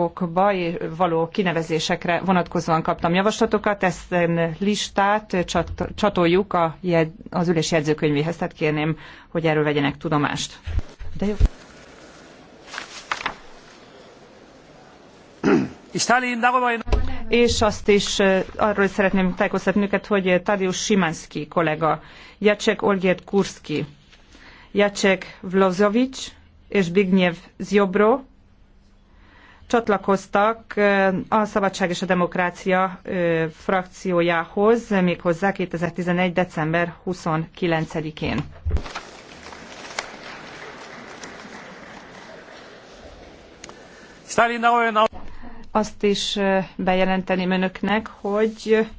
országokba való kinevezésekre vonatkozóan kaptam javaslatokat, ezt listát csatoljuk a, az ülés jegyzőkönyvéhez, tehát kérném, hogy erről vegyenek tudomást. De jó. És azt is arról is szeretném tájékoztatni őket, hogy Tadeusz Simanski kollega, Jacek Olgierd Kurski, Jacek Vlozovic és Bignyev Ziobro, csatlakoztak a Szabadság és a Demokrácia frakciójához, méghozzá 2011. december 29-én. Azt is bejelenteném önöknek, hogy